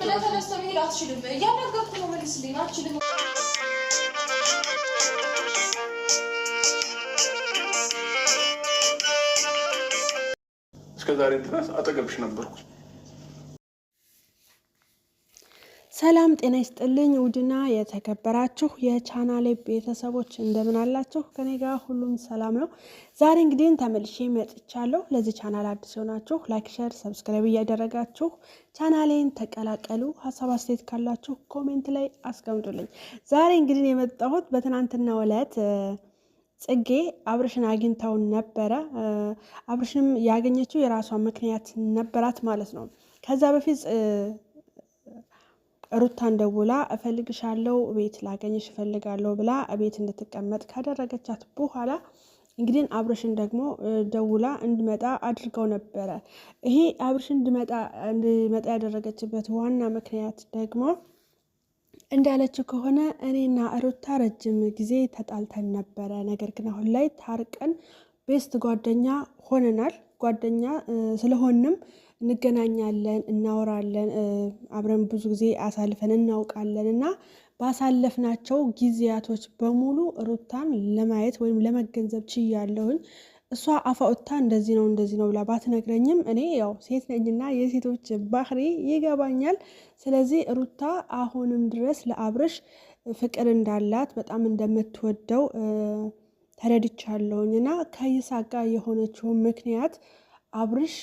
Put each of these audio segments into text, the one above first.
ብለህ ተነስተህ መሄድ አትችልም። እያናገርኩህ ነው፣ መልስልኝ። አትችልም እስከ ዛሬ ድረስ አጠገብሽ ነበርኩ። ሰላም ጤና ይስጥልኝ። ውድና የተከበራችሁ የቻናሌ ቤተሰቦች እንደምን አላችሁ? ከኔ ጋር ሁሉም ሰላም ነው። ዛሬ እንግዲህ ተመልሼ መጥቻለሁ። ለዚህ ቻናል አዲስ የሆናችሁ ላይክ፣ ሸር፣ ሰብስክራይብ እያደረጋችሁ ቻናሌን ተቀላቀሉ። ሀሳብ አስተያየት ካላችሁ ኮሜንት ላይ አስቀምጡልኝ። ዛሬ እንግዲህ የመጣሁት በትናንትና ዕለት ጽጌ አብርሽን አግኝተው ነበረ። አብርሽንም ያገኘችው የራሷ ምክንያት ነበራት ማለት ነው። ከዛ በፊት ሩታን ደውላ እፈልግሻለው ቤት ላገኝሽ እፈልጋለሁ ብላ ቤት እንድትቀመጥ ካደረገቻት በኋላ እንግዲህ አብርሽን ደግሞ ደውላ እንድመጣ አድርገው ነበረ። ይሄ አብርሽ እንድመጣ ያደረገችበት ዋና ምክንያት ደግሞ እንዳለችው ከሆነ እኔና ሩታ ረጅም ጊዜ ተጣልተን ነበረ። ነገር ግን አሁን ላይ ታርቀን ቤስት ጓደኛ ሆነናል። ጓደኛ ስለሆንም እንገናኛለን፣ እናወራለን፣ አብረን ብዙ ጊዜ አሳልፈን እናውቃለን እና ባሳለፍናቸው ጊዜያቶች በሙሉ ሩታን ለማየት ወይም ለመገንዘብ ችያለሁኝ። እሷ አፋውታ እንደዚህ ነው እንደዚህ ነው ብላ ባትነግረኝም እኔ ያው ሴት ነኝና የሴቶች ባህሪ ይገባኛል። ስለዚህ ሩታ አሁንም ድረስ ለአብርሽ ፍቅር እንዳላት በጣም እንደምትወደው ተረድቻለሁኝ እና ከይሳቅ ጋር የሆነችውን ምክንያት አብርሽ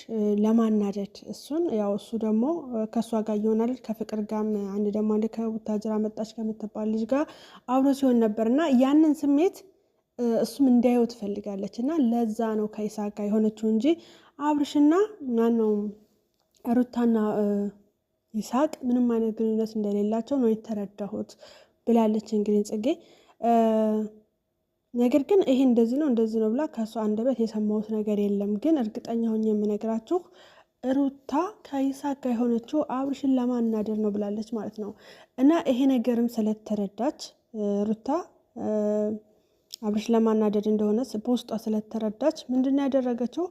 ለማናደድ እሱን ያው እሱ ደግሞ ከእሷ ጋር እየሆናል ከፍቅር ጋም አንድ ደግሞ አንድ ከቡታጅራ መጣች ከምትባል ልጅ ጋር አብሮ ሲሆን ነበር እና ያንን ስሜት እሱም እንዳየው ትፈልጋለች እና ለዛ ነው ከይሳ ጋር የሆነችው እንጂ አብርሽና ማነው ሩታና ይሳቅ ምንም አይነት ግንኙነት እንደሌላቸው ነው የተረዳሁት ብላለች። እንግዲህ ጽጌ ነገር ግን ይሄ እንደዚህ ነው እንደዚህ ነው ብላ ከእሷ አንደበት የሰማሁት ነገር የለም። ግን እርግጠኛ ሆኜ የምነግራችሁ ሩታ ከይስሐቅ ጋር የሆነችው አብርሽን ለማናደር ነው ብላለች ማለት ነው። እና ይሄ ነገርም ስለተረዳች ሩታ አብርሽ ለማናደድ እንደሆነ በውስጧ ስለተረዳች ምንድን ያደረገችው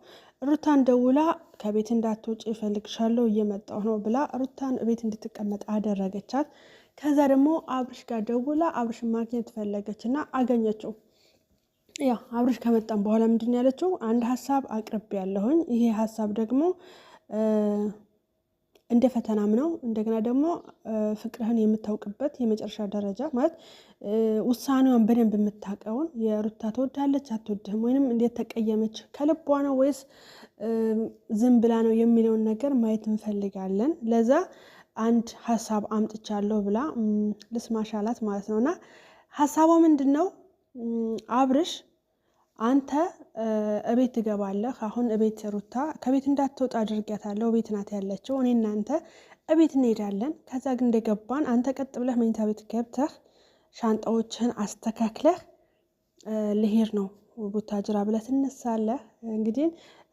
ሩታን ደውላ ከቤት እንዳትወጪ እፈልግሻለሁ እየመጣሁ ነው ብላ ሩታን ቤት እንድትቀመጥ አደረገቻት። ከዛ ደግሞ አብርሽ ጋር ደውላ አብርሽን ማግኘት ፈለገች እና አገኘችው። ያ አብርሽ ከመጣም በኋላ ምንድን ያለችው አንድ ሀሳብ አቅርብ ያለሁኝ ይሄ ሀሳብ ደግሞ እንደ ፈተናም ነው። እንደገና ደግሞ ፍቅርህን የምታውቅበት የመጨረሻ ደረጃ ማለት ውሳኔዋን በደንብ የምታውቀውን የሩታ ትወዳለች አትወድህም፣ ወይንም እንዴት ተቀየመች ከልቧ ነው ወይስ ዝም ብላ ነው የሚለውን ነገር ማየት እንፈልጋለን። ለዛ አንድ ሀሳብ አምጥቻለሁ ብላ ልስማሻላት ማለት ነው እና ሀሳቧ ምንድን ነው? አብርሽ አንተ እቤት ትገባለህ። አሁን እቤት ሩታ ከቤት እንዳትወጣ አድርጊያታለሁ። ቤት ናት ያለችው። እኔ እናንተ እቤት እንሄዳለን። ከዛ ግን እንደገባን አንተ ቀጥ ብለህ መኝታ ቤት ገብተህ ሻንጣዎችህን አስተካክለህ ልሄድ ነው ቡታጅራ ብለህ ትነሳለህ። እንግዲህ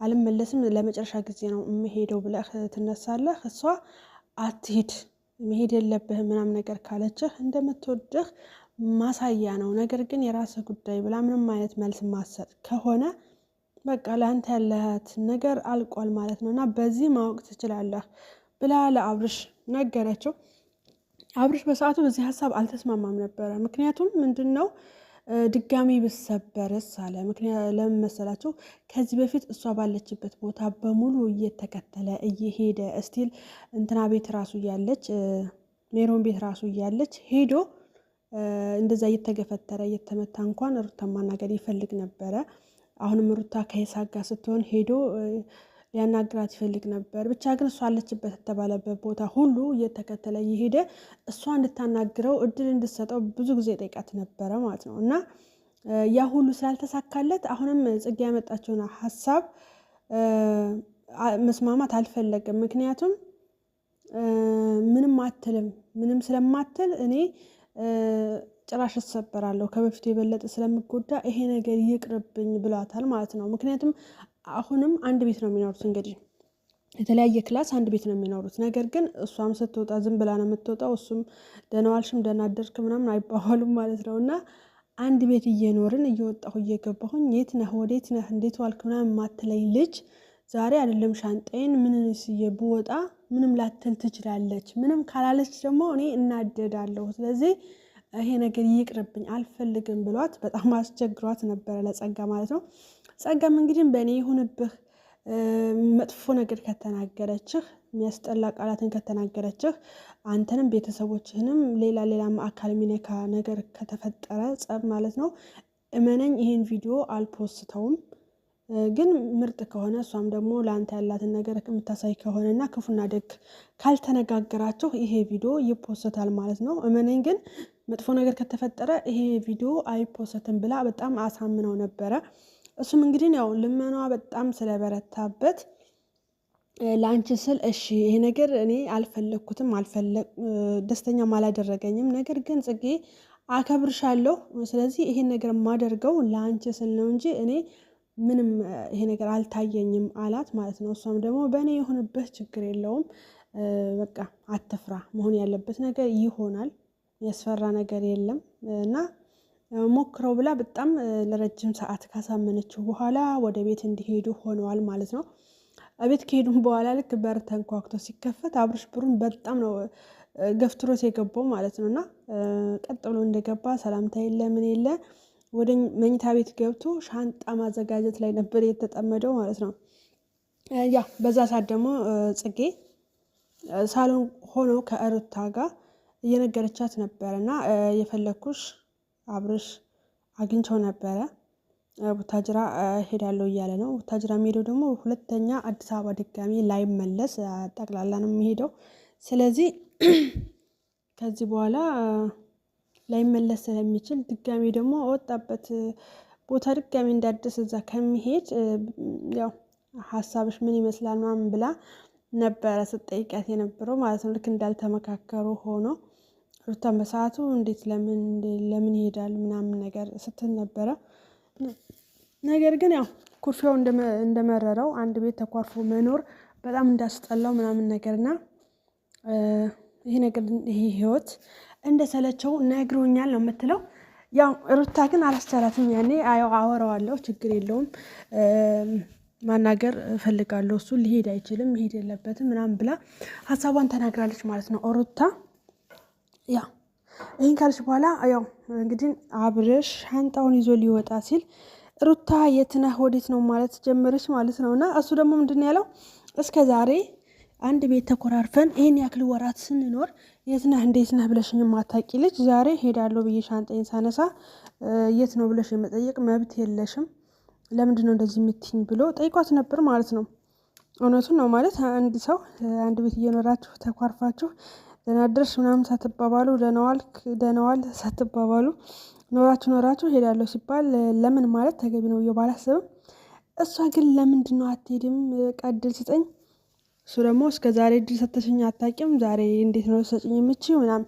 አልመለስም ለመጨረሻ ጊዜ ነው የምሄደው ብለህ ትነሳለህ። እሷ አትሂድ መሄድ የለብህ ምናምን ነገር ካለችህ እንደምትወድህ ማሳያ ነው። ነገር ግን የራሰ ጉዳይ ብላ ምንም አይነት መልስ ማሰጥ ከሆነ በቃ ለአንተ ያለህት ነገር አልቋል ማለት ነው እና በዚህ ማወቅ ትችላለህ ብላ ለአብርሽ ነገረችው። አብርሽ በሰዓቱ በዚህ ሀሳብ አልተስማማም ነበረ። ምክንያቱም ምንድን ነው ድጋሚ ብሰበርስ አለ። ለምን ከዚህ በፊት እሷ ባለችበት ቦታ በሙሉ እየተከተለ እየሄደ እስቲል እንትና ቤት ራሱ እያለች ሜሮን ቤት ራሱ እያለች ሄዶ እንደዛ እየተገፈተረ እየተመታ እንኳን ሩታ ማናገር ይፈልግ ነበረ። አሁንም ሩታ ከይሳቅ ጋር ስትሆን ሄዶ ሊያናግራት ይፈልግ ነበር። ብቻ ግን እሷ አለችበት የተባለበት ቦታ ሁሉ እየተከተለ እየሄደ እሷ እንድታናግረው እድል እንድትሰጠው ብዙ ጊዜ ጠይቃት ነበረ ማለት ነው። እና ያ ሁሉ ስላልተሳካለት አሁንም ጽጌ ያመጣችውን ሀሳብ መስማማት አልፈለግም። ምክንያቱም ምንም አትልም። ምንም ስለማትል እኔ ጭራሽ እሰበራለሁ ከበፊቱ የበለጠ ስለምጎዳ ይሄ ነገር ይቅርብኝ ብሏታል ማለት ነው። ምክንያቱም አሁንም አንድ ቤት ነው የሚኖሩት እንግዲህ የተለያየ ክላስ አንድ ቤት ነው የሚኖሩት። ነገር ግን እሷም ስትወጣ ዝም ብላ ነው የምትወጣው። እሱም ደህና ዋልሽም ደህና አደርክ ምናምን አይባባሉም ማለት ነው። እና አንድ ቤት እየኖርን እየወጣሁ እየገባሁኝ የት ነህ ወዴት ነህ እንዴት ዋልክ ምናምን የማትለኝ ልጅ ዛሬ አይደለም ሻንጣዬን ምን ስዬ ብወጣ ምንም ላትል ትችላለች። ምንም ካላለች ደግሞ እኔ እናደዳለሁ። ስለዚህ ይሄ ነገር ይቅርብኝ አልፈልግም ብሏት በጣም አስቸግሯት ነበረ ለጸጋ ማለት ነው። ጸጋም እንግዲህ በእኔ ይሁንብህ መጥፎ ነገር ከተናገረችህ የሚያስጠላ ቃላትን ከተናገረችህ አንተንም ቤተሰቦችህንም ሌላ ሌላ አካል የሚነካ ነገር ከተፈጠረ ጸብ ማለት ነው እመነኝ ይህን ቪዲዮ አልፖስተውም ግን ምርጥ ከሆነ እሷም ደግሞ ለአንተ ያላትን ነገር የምታሳይ ከሆነ እና ክፉና ደግ ካልተነጋገራችሁ ይሄ ቪዲዮ ይፖሰታል ማለት ነው። እመነኝ ግን መጥፎ ነገር ከተፈጠረ ይሄ ቪዲዮ አይፖሰትም ብላ በጣም አሳምነው ነበረ። እሱም እንግዲህ ያው ልመኗ በጣም ስለበረታበት ለአንቺ ስል እሺ ይሄ ነገር እኔ አልፈለግኩትም፣ ደስተኛም አላደረገኝም። ነገር ግን ጽጌ አከብርሻለሁ፣ ስለዚህ ይሄን ነገር የማደርገው ለአንቺ ስል ነው እንጂ እኔ ምንም ይሄ ነገር አልታየኝም አላት ማለት ነው። እሷም ደግሞ በእኔ የሆነበት ችግር የለውም በቃ አትፍራ፣ መሆን ያለበት ነገር ይሆናል፣ ያስፈራ ነገር የለም እና ሞክረው ብላ በጣም ለረጅም ሰዓት ካሳመነችው በኋላ ወደ ቤት እንዲሄዱ ሆነዋል ማለት ነው። ቤት ከሄዱም በኋላ ልክ በር ተንኳክቶ ሲከፈት አብርሽ ብሩን በጣም ነው ገፍትሮት የገባው ማለት ነው እና ቀጥ ብሎ እንደገባ ሰላምታ የለ ምን የለ ወደ መኝታ ቤት ገብቶ ሻንጣ ማዘጋጀት ላይ ነበር የተጠመደው ማለት ነው። ያ በዛ ሰዓት ደግሞ ጽጌ ሳሎን ሆነው ከእሩታ ጋር እየነገረቻት ነበረ እና የፈለግኩሽ አብርሽ አግኝቸው ነበረ ቡታጅራ ሄዳለሁ እያለ ነው። ቡታጅራ የሚሄደው ደግሞ ሁለተኛ አዲስ አበባ ድጋሚ ላይመለስ ጠቅላላ ነው የሚሄደው። ስለዚህ ከዚህ በኋላ ላይመለስ ስለሚችል ድጋሜ ደግሞ ወጣበት ቦታ ድጋሜ እንዳደስ እዛ ከሚሄድ ያው ሀሳብሽ ምን ይመስላል ምናምን ብላ ነበረ ስጠይቃት የነበረው ማለት ነው። ልክ እንዳልተመካከሩ ሆኖ ሩታን በሰዓቱ እንዴት ለምን ለምን ይሄዳል ምናምን ነገር ስትል ነበረ። ነገር ግን ያው ኩርፊያው እንደመረረው አንድ ቤት ተኳርፎ መኖር በጣም እንዳስጠላው ምናምን ነገርና ይሄ ነገር ይሄ ህይወት እንደሰለቸው ነግሮኛል ነው የምትለው። ያው ሩታ ግን አላስቻላትም። ያኔ አወራው አወራዋለሁ፣ ችግር የለውም ማናገር እፈልጋለሁ፣ እሱ ሊሄድ አይችልም፣ ሄድ የለበትም ምናምን ብላ ሀሳቧን ተናግራለች ማለት ነው ሩታ። ያ ይህን ካለች በኋላ ያው እንግዲህ አብርሽ ሻንጣውን ይዞ ሊወጣ ሲል ሩታ የት ነህ ወዴት ነው ማለት ጀመረች ማለት ነው። እና እሱ ደግሞ ምንድን ያለው እስከ ዛሬ አንድ ቤት ተኮራርፈን ይህን ያክል ወራት ስንኖር የት ነህ እንዴት ነህ ብለሽኝ የማታውቂ ልጅ ዛሬ ሄዳለሁ ብዬ ሻንጣዬን ሳነሳ የት ነው ብለሽ የመጠየቅ መብት የለሽም፣ ለምንድን ነው እንደዚህ የምትይኝ ብሎ ጠይቋት ነበር ማለት ነው። እውነቱን ነው ማለት አንድ ሰው አንድ ቤት እየኖራችሁ ተኳርፋችሁ ደህና ምናምን ሳትባባሉ ደህና ዋል ሳትባባሉ ኖራችሁ ኖራችሁ ሄዳለሁ ሲባል ለምን ማለት ተገቢ ነው ብዬ ባላስብም፣ እሷ ግን ለምንድን ነው አትሄድም ቀድል ስጠኝ እሱ ደግሞ እስከ ዛሬ እድል ሰተሽኝ አታቂም፣ ዛሬ እንዴት ነው ሰጭኝ ምች ምናም፣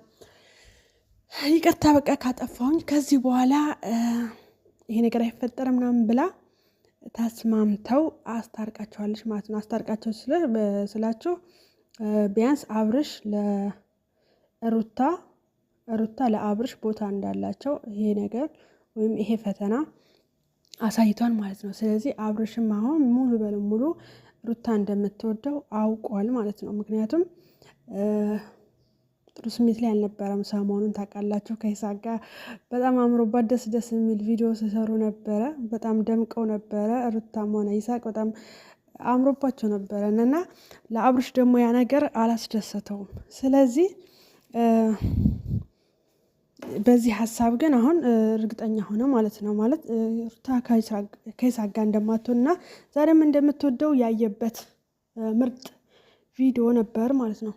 ይቅርታ በቃ ካጠፋሁኝ ከዚህ በኋላ ይሄ ነገር አይፈጠርም ምናምን ብላ ተስማምተው አስታርቃቸዋለች ማለት ነው። አስታርቃቸው ስላቸው ቢያንስ አብርሽ ለሩታ ሩታ ለአብርሽ ቦታ እንዳላቸው ይሄ ነገር ወይም ይሄ ፈተና አሳይቷል ማለት ነው። ስለዚህ አብርሽም አሁን ሙሉ በሙሉ ሩታ እንደምትወደው አውቋል ማለት ነው። ምክንያቱም ጥሩ ስሜት ላይ አልነበረም ሰሞኑን ታውቃላችሁ። ከይሳቅ ጋር በጣም አምሮባት ደስ ደስ የሚል ቪዲዮ ሲሰሩ ነበረ። በጣም ደምቀው ነበረ። ሩታም ሆነ ይሳቅ በጣም አምሮባቸው ነበረ እና ለአብርሽ ደግሞ ያ ነገር አላስደሰተውም። ስለዚህ በዚህ ሀሳብ ግን አሁን እርግጠኛ ሆነ ማለት ነው። ማለት ሩታ ከይሳቅ ጋር እንደማትሆን እና ዛሬም እንደምትወደው ያየበት ምርጥ ቪዲዮ ነበር ማለት ነው።